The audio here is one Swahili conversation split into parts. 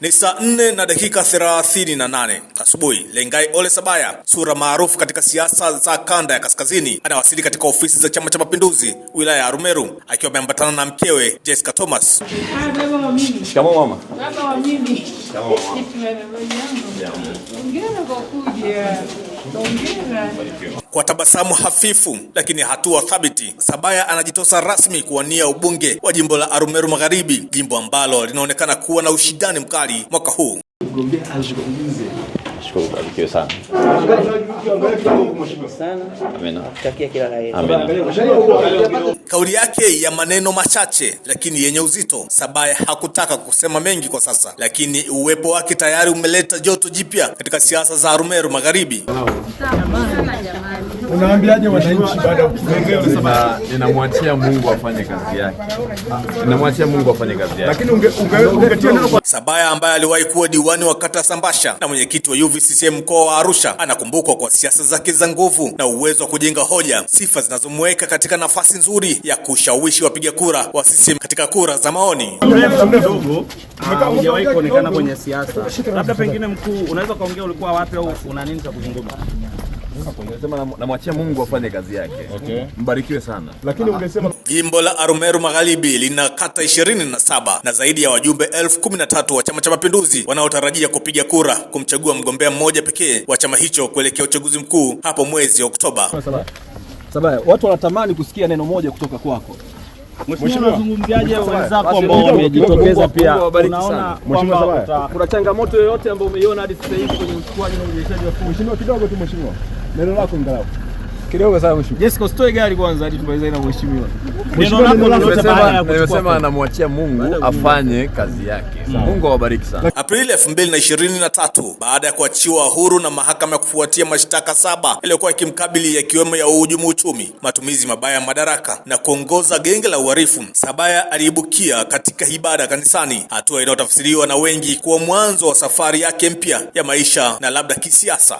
Ni saa nne na dakika thelathini na nane asubuhi. Lengai Ole Sabaya, sura maarufu katika siasa za kanda ya kaskazini, anawasili katika ofisi za Chama cha Mapinduzi wilaya ya Arumeru akiwa ameambatana na mkewe Jessica Thomas. Kwa tabasamu hafifu lakini hatua thabiti, Sabaya anajitosa rasmi kuwania ubunge wa jimbo la Arumeru Magharibi, jimbo ambalo linaonekana kuwa na ushindani mkali mwaka huu. Mgombea azungumze Nashukuru barikiwe sana. Kauli yake ya maneno machache lakini yenye uzito. Sabaya hakutaka kusema mengi kwa sasa, lakini uwepo wake tayari umeleta joto jipya katika siasa za Arumeru Magharibi. Unawaambiaje wananchi baada ya kufunga? Ninamwachia Mungu afanye kazi yake. Ninamwachia Mungu afanye kazi yake. Lakini unge, unge, ungetia neno kwa Sabaya ambaye aliwahi kuwa diwani wa kata Sambasha na mwenyekiti wa UVCCM mkoa wa Arusha anakumbukwa kwa siasa zake za nguvu na uwezo wa kujenga hoja, sifa zinazomweka katika nafasi nzuri ya kushawishi wapiga kura wa CCM katika kura za maoni. Hujawahi kuonekana kwenye siasa, labda pengine mkuu, unaweza ukaongea ulikuwa wapi au una nini cha kuzungumza? Nasema Mungu afanye kazi yake. Okay. Mbarikiwe sana. Lakini ungesema Jimbo la Arumeru Magharibi lina kata 27 na zaidi ya wajumbe elfu kumi na tatu wa Chama cha Mapinduzi wanaotarajia kupiga kura kumchagua mgombea mmoja pekee wa chama hicho kuelekea uchaguzi mkuu hapo mwezi Oktoba. Sabaya, watu wanatamani kusikia neno moja kutoka kwako. Mheshimiwa, wenzako ambao wamejitokeza pia? Unaona kwamba kuna changamoto yoyote ambayo umeiona hadi sasa hivi kwenye uchukuaji na wa mheshimiwa? Kidogo tu mheshimiwa. Neno lako ngalau kidogo sana mheshimiwa. Jessica usitoe gari kwanza hadi tumalize na mheshimiwa. Nimesema anamwachia Mungu afanye kazi yake. Mungu awabariki sana. Aprili 2023 baada ya kuachiwa huru na mahakama ya kufuatia mashtaka saba yaliyokuwa yakimkabili yakiwemo ya uhujumu uchumi, matumizi mabaya ya madaraka na kuongoza genge la uhalifu, Sabaya aliibukia katika ibada kanisani, hatua inayotafsiriwa na wengi kuwa mwanzo wa safari yake mpya ya maisha na labda kisiasa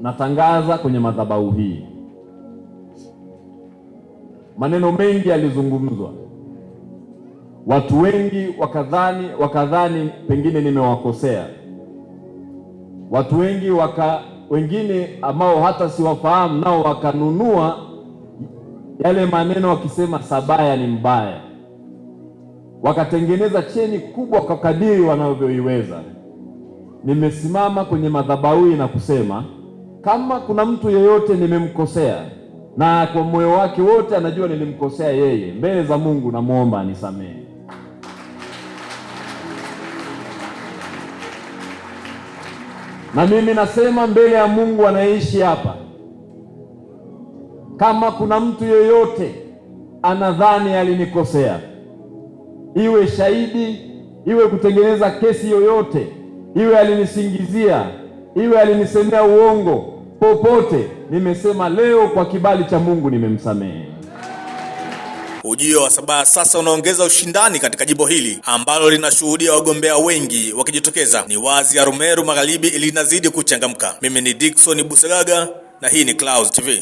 natangaza kwenye madhabahu hii. Maneno mengi yalizungumzwa, watu wengi wakadhani wakadhani pengine nimewakosea watu wengi waka, wengine ambao hata siwafahamu nao wakanunua yale maneno wakisema Sabaya ni mbaya, wakatengeneza cheni kubwa kwa kadiri wanavyoiweza. Nimesimama kwenye madhabahu na kusema kama kuna mtu yeyote nimemkosea, na kwa moyo wake wote anajua nilimkosea yeye, mbele za Mungu namwomba anisamehe. Na mimi nasema mbele ya Mungu anaishi hapa, kama kuna mtu yeyote anadhani alinikosea, iwe shahidi, iwe kutengeneza kesi yoyote, iwe alinisingizia iwe alinisemea uongo popote, nimesema leo kwa kibali cha Mungu nimemsamehe. Ujio wa Sabaha sasa unaongeza ushindani katika jimbo hili ambalo linashuhudia wagombea wengi wakijitokeza. Ni wazi Arumeru Magharibi linazidi kuchangamka. Mimi ni Dickson Busagaga na hii ni Clouds TV.